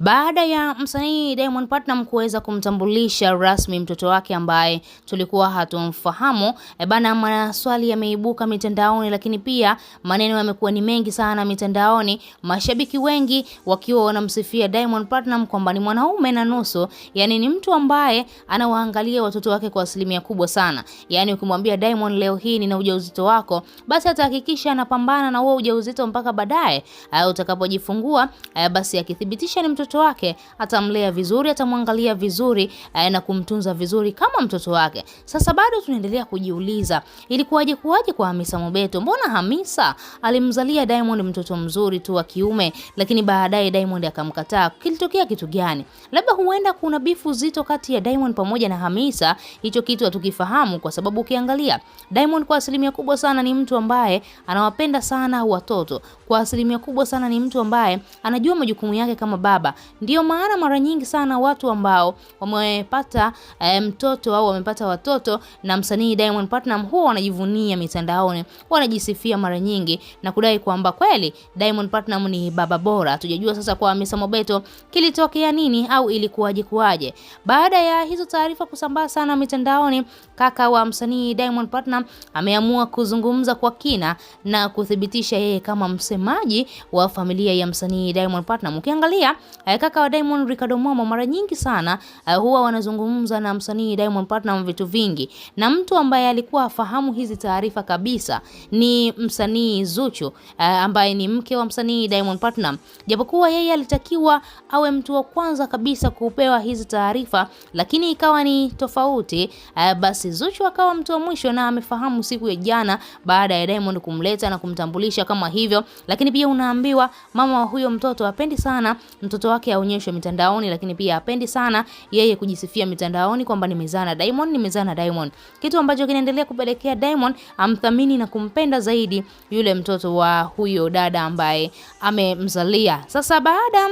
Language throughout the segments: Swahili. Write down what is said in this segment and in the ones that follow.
Baada ya msanii Diamond Platnumz kuweza kumtambulisha rasmi mtoto wake ambaye tulikuwa hatumfahamu, e bana, maswali yameibuka mitandaoni, lakini pia maneno yamekuwa ni mengi sana mitandaoni, mashabiki wengi wakiwa wanamsifia Diamond Platnumz kwamba ni mwanaume na nusu, yani ni mtu ambaye anawaangalia watoto wake kwa asilimia kubwa sana. Yani ukimwambia Diamond leo hii nina ujauzito wako, basi atahakikisha anapambana na huo ujauzito mpaka baadaye eh, utakapojifungua, eh, basi akithibitisha ni mtoto mtoto wake, atamlea vizuri, atamwangalia vizuri e, na kumtunza vizuri kama mtoto wake. Sasa bado tunaendelea kujiuliza ilikuwaje kuwaje kwa Hamisa Mobeto? Mbona Hamisa alimzalia Diamond mtoto mzuri tu wa kiume, lakini baadaye Diamond akamkataa. Kilitokea kitu gani? Labda huenda kuna bifu zito kati ya Diamond pamoja na Hamisa. Hicho kitu hatukifahamu kwa sababu ukiangalia Diamond kwa asilimia kubwa sana ni mtu ambaye anawapenda sana watoto. Kwa asilimia kubwa sana ni mtu ambaye anajua majukumu yake kama baba, ndio maana mara nyingi sana watu ambao wamepata e, mtoto au wamepata watoto na msanii Diamond Platinum huwa wanajivunia mitandaoni, wanajisifia mara nyingi na kudai kwamba kweli Diamond Platinum ni baba bora. tujajua sasa kwa Hamisa Mobeto kilitokea nini au ilikuwaje kuwaje. Baada ya hizo taarifa kusambaa sana mitandaoni, kaka wa msanii Diamond Platinum ameamua kuzungumza kwa kina na kuthibitisha yeye kama msemaji wa familia ya msanii Diamond Platinum. Ukiangalia Eh, kaka wa Diamond Ricardo Momo mara nyingi sana eh, huwa wanazungumza na msanii Diamond Platnumz vitu vingi, na mtu ambaye alikuwa afahamu hizi taarifa kabisa ni msanii Zuchu eh, ambaye ni mke wa msanii Diamond Platnumz, japokuwa yeye alitakiwa awe mtu wa kwanza kabisa kupewa hizi taarifa, lakini ikawa ni tofauti. Basi Zuchu akawa mtu wa mwisho na amefahamu siku ya jana baada ya Diamond kumleta na kumtambulisha kama hivyo, lakini pia unaambiwa mama wa huyo mtoto apendi sana mtoto wake aonyeshwe mitandaoni, lakini pia apendi sana yeye kujisifia mitandaoni kwamba nimezana Diamond, nimezana Diamond, kitu ambacho kinaendelea kupelekea Diamond amthamini na kumpenda zaidi yule mtoto wa huyo dada ambaye amemzalia. Sasa baada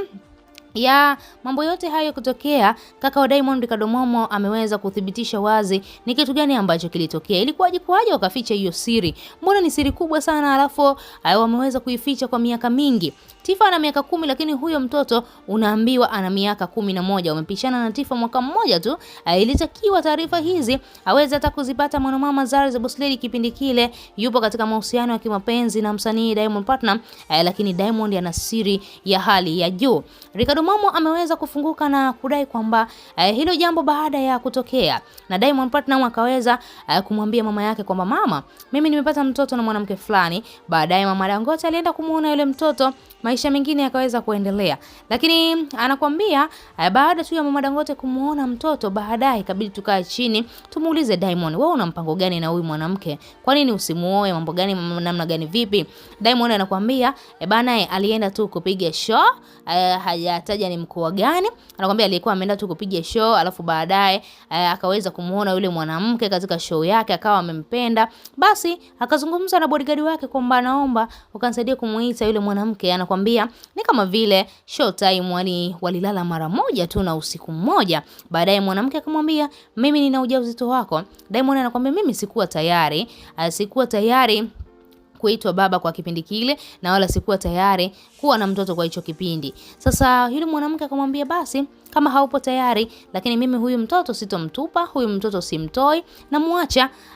ya mambo yote hayo kutokea, kaka wa Diamond Kadomomo ameweza kuthibitisha wazi ni kitu gani ambacho kilitokea. Ilikuwaje kwaje wakaficha hiyo siri? Mbona ni siri kubwa sana, alafu wameweza kuificha kwa miaka mingi. Tifa ana miaka kumi, lakini huyo mtoto unaambiwa ana miaka kumi na moja. Wamepishana na Tifa mwaka mmoja tu. Ilitakiwa taarifa hizi aweze hata kuzipata mwanamama Zari za Boss Lady. Kipindi kile yupo katika mahusiano ya kimapenzi na msanii Diamond Platnumz, lakini Diamond ana siri ya hali ya juu. Ricardo Momo ameweza kufunguka na kudai kwamba eh, hilo jambo baada ya kutokea na Diamond Platnumz akaweza eh, kumwambia mama yake kwamba mama, mimi nimepata mtoto na mwanamke fulani. Baadaye mama Dangote alienda kumuona yule mtoto, maisha mengine yakaweza kuendelea, lakini anakuambia eh, baada tu ya mama Dangote kumuona mtoto, baadaye ikabidi tukae chini tumuulize Diamond, wewe una mpango gani na huyu mwanamke? Kwa nini usimuoe? Mambo gani, namna gani, vipi? Diamond anakuambia eh, bana eh, alienda tu kupiga show eh, hajata anamtaja ni mkoa gani, anakuambia alikuwa ameenda tu kupiga show, alafu baadaye eh, akaweza kumuona yule mwanamke katika show yake, akawa amempenda. Basi akazungumza na bodyguard wake kwamba naomba ukansaidia kumuita yule mwanamke. Anakuambia ni kama vile show time wali walilala mara moja tu na usiku mmoja. Baadaye mwanamke akamwambia mimi nina ujauzito wako. Diamond anakuambia mimi sikuwa tayari, eh, sikuwa tayari kuitwa baba kwa kipindi kile na wala sikuwa tayari kuwa na mtoto kwa hicho kipindi. Sasa yule mwanamke akamwambia basi kama haupo tayari, lakini mimi huyu mtoto sitomtupa, huyu mtoto simtoi,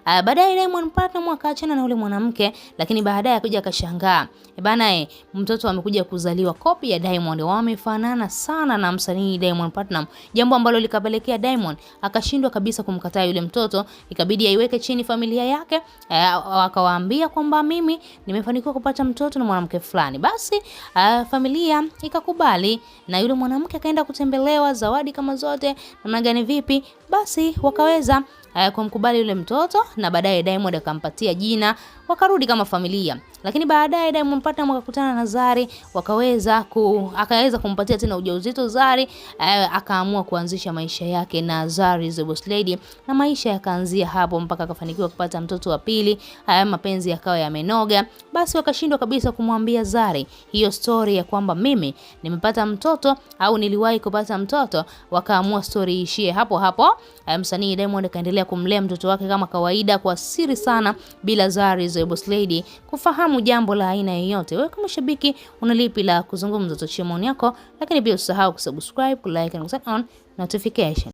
Uh, Baadaye Diamond Platnumz akaachana na yule mwanamke, lakini baadaye akuja akashangaa, e bana, e, mtoto amekuja kuzaliwa kopi ya Diamond, wamefanana sana na msanii Diamond Platnumz, jambo ambalo likapelekea Diamond akashindwa kabisa kumkataa yule mtoto, ikabidi aiweke chini familia yake, eh, akawaambia kwamba mimi nimefanikiwa kupata mtoto na mwanamke fulani. Basi uh, familia ikakubali na yule mwanamke akaenda kutembelewa, zawadi kama zote, namna gani, vipi, basi wakaweza uh, kumkubali yule mtoto na baadaye Diamond akampatia jina, wakarudi kama familia. Lakini baadaye Diamond mpata mkakutana na Zari, wakaweza ku, akaweza kumpatia tena ujauzito Zari, uh, akaamua kuanzisha maisha yake na Zari the Boss Lady, na maisha yakaanzia hapo mpaka akafanikiwa kupata mtoto wa pili. Haya mapenzi yakawa yamenoga mwoga, basi wakashindwa kabisa kumwambia Zari hiyo stori ya kwamba mimi nimepata mtoto au niliwahi kupata mtoto. Wakaamua stori ishie hapo hapo. Eh, msanii Diamond akaendelea kumlea mtoto wake kama kawaida kwa siri sana, bila Zari the Boss Lady kufahamu jambo la aina yoyote. Wewe kama shabiki una lipi la kuzungumza? Tochia maoni yako, lakini pia usisahau kusubscribe, kulike na on notification.